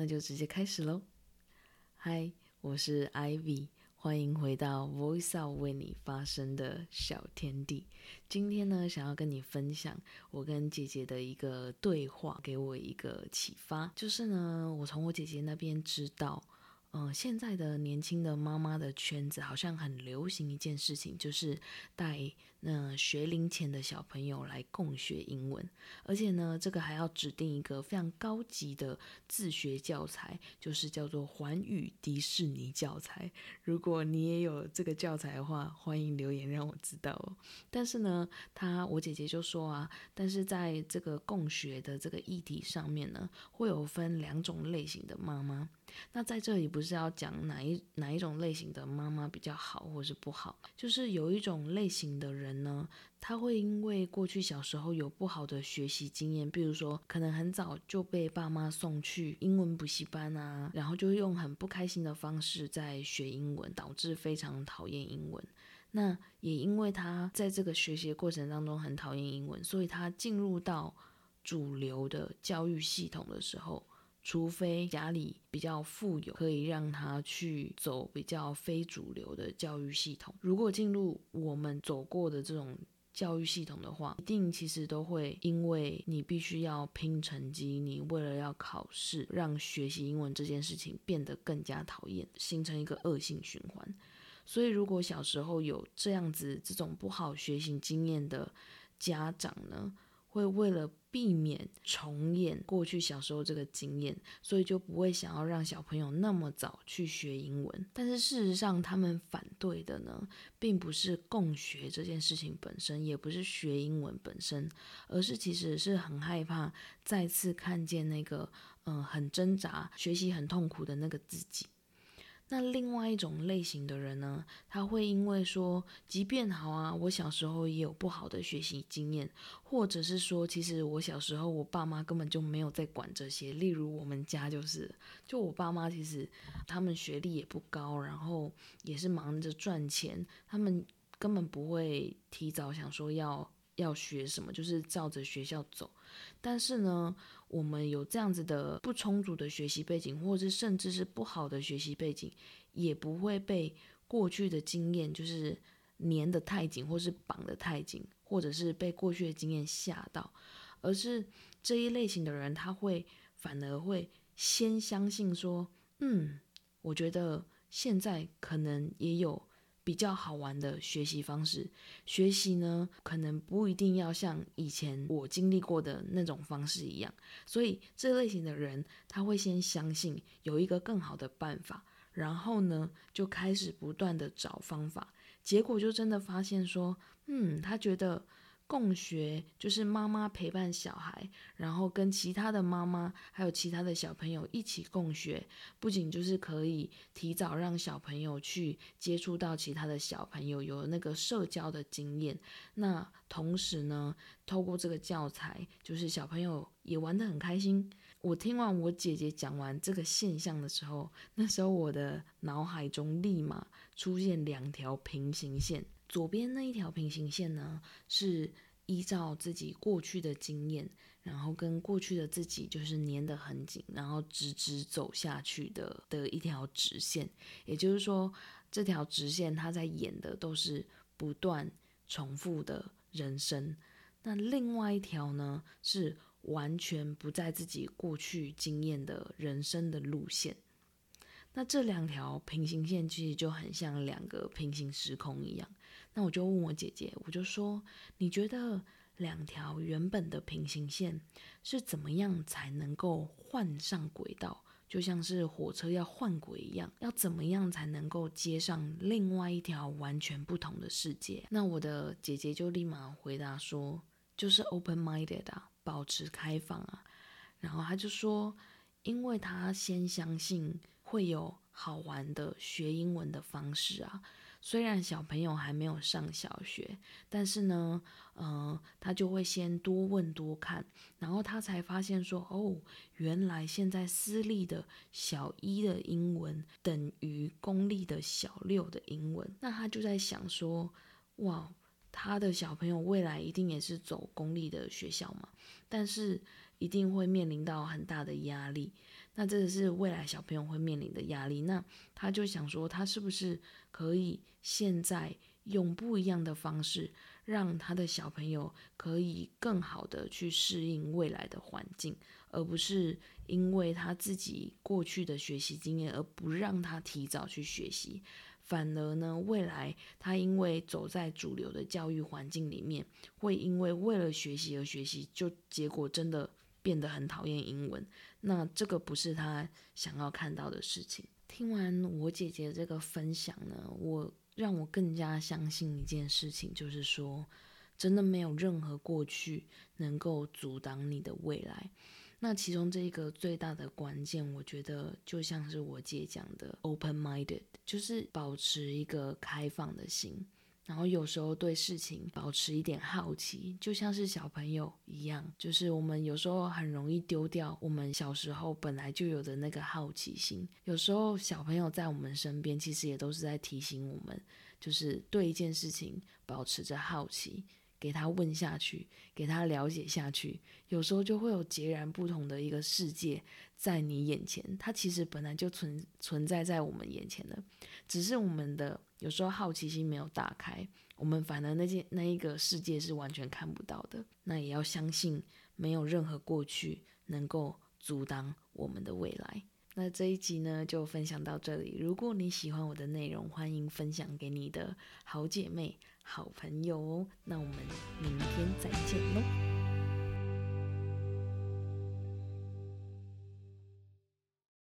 那就直接開始嘍！嗨，我是 Ivy，歡迎回到 Voiceout 為你發聲的小天地。今天呢，想要跟你分享我跟姐姐的一個對話，給我一個啟發。就是呢，我從我姐姐那邊知道，嗯、呃，現在的年輕的媽媽的圈子好像很流行一件事情，就是帶。那學齡前的小朋友來共學英文，而且呢，這個還要指定一個非常高級的自學教材，就是叫做《環宇迪士尼教材》。如果你也有這個教材的話，歡迎留言讓我知道哦。但是呢，他，我姐姐就說啊，但是在這個共學的這個議題上面呢，會有分兩種類型的媽媽。那在這裡不是要講哪一哪一種類型的媽媽比較好或是不好，就是有一種類型的人。呢，他會因為過去小時候有不好的學習經驗，比如說可能很早就被爸媽送去英文補習班啊，然後就用很不開心的方式在學英文，導致非常討厭英文。那也因為他在這個學習的過程當中很討厭英文，所以他進入到主流的教育系統的時候，除非家裡比較富有，可以讓他去走比較非主流的教育系統。如果進入我們走過的這種教育系統的話，一定其實都會因為你必須要拼成績，你為了要考試，讓學習英文這件事情變得更加討厭，形成一個惡性循環。所以如果小時候有這樣子這種不好學習經驗的家長呢，會為了避免重演過去小時候這個經驗，所以就不會想要讓小朋友那麼早去學英文。但是事實上，他們反對的呢，並不是共學這件事情本身，也不是學英文本身，而是其實是很害怕再次看見那個嗯、呃、很掙扎、學習很痛苦的那個自己。那另外一種類型的人呢，他會因為說，即便好啊，我小時候也有不好的學習經驗，或者是說，其實我小時候我爸媽根本就沒有在管這些。例如我們家就是，就我爸媽其實他們學歷也不高，然後也是忙着賺錢，他們根本不會提早想說要。要學什麼，就是照着學校走。但是呢，我們有這樣子的不充足的學習背景，或者是甚至是不好的學習背景，也不會被過去的經驗就是粘得太緊，或是綁得太緊，或者是被過去的經驗嚇到。而是這一類型的人，他會反而會先相信說，嗯，我覺得現在可能也有。比較好玩的學習方式，學習呢可能不一定要像以前我經歷過的那種方式一樣，所以這類型的人，他會先相信有一個更好的辦法，然後呢就開始不斷的找方法，結果就真的發現說，嗯，他覺得。共學就是媽媽陪伴小孩，然後跟其他的媽媽還有其他的小朋友一起共學，不僅就是可以提早讓小朋友去接觸到其他的小朋友，有那個社交的經驗。那同時呢，透過這個教材，就是小朋友也玩得很開心。我聽完我姐姐講完這個現象的時候，那時候我的腦海中立馬出現兩條平行線。左邊那一條平行線呢，是依照自己過去的經驗，然後跟過去的自己就是粘得很緊，然後直直走下去的的一條直線。也就是說，這條直線它在演的都是不斷重複的人生。那另外一條呢，是完全不在自己過去經驗的人生的路線。那這兩條平行線其實就很像兩個平行時空一樣。那我就問我姐姐，我就說，你覺得兩條原本的平行線是怎麼樣才能夠換上軌道？就像是火車要換軌一樣，要怎麼樣才能夠接上另外一條完全不同的世界？那我的姐姐就立馬回答說，就是 open-minded 啊，保持開放啊。然後她就說，因為她先相信。會有好玩的學英文的方式啊！雖然小朋友還沒有上小學，但是呢，嗯、呃，他就會先多問多看，然後他才發現說，哦，原來現在私立的小一的英文等於公立的小六的英文。那他就在想說，哇，他的小朋友未來一定也是走公立的學校嘛，但是一定會面臨到很大的壓力。那這個是未來小朋友會面臨的壓力。那他就想說，他是不是可以現在用不一樣的方式，讓他的小朋友可以更好的去適應未來的環境，而不是因為他自己過去的學習經驗，而不讓他提早去學習，反而呢，未來他因為走在主流的教育環境裡面，會因為為了學習而學習，就結果真的。變得很討厭英文，那這個不是他想要看到的事情。聽完我姐姐這個分享呢，我讓我更加相信一件事情，就是說，真的沒有任何過去能夠阻擋你的未來。那其中這個最大的關鍵，我覺得就像是我姐姐講的，open-minded，就是保持一個開放的心。然後有時候對事情保持一點好奇，就像是小朋友一樣，就是我們有時候很容易丟掉我們小時候本來就有的那個好奇心。有時候小朋友在我們身邊，其實也都是在提醒我們，就是對一件事情保持着好奇。給他問下去，給他了解下去，有時候就會有截然不同的一個世界在你眼前。它其實本來就存存在在我們眼前的，只是我們的有時候好奇心沒有打開，我們反而那些那一個世界是完全看不到的。那也要相信，沒有任何過去能夠阻擋我們的未來。那這一集呢，就分享到這裡。如果你喜歡我的內容，歡迎分享給你的好姐妹、好朋友哦。那我們明天再見嘍。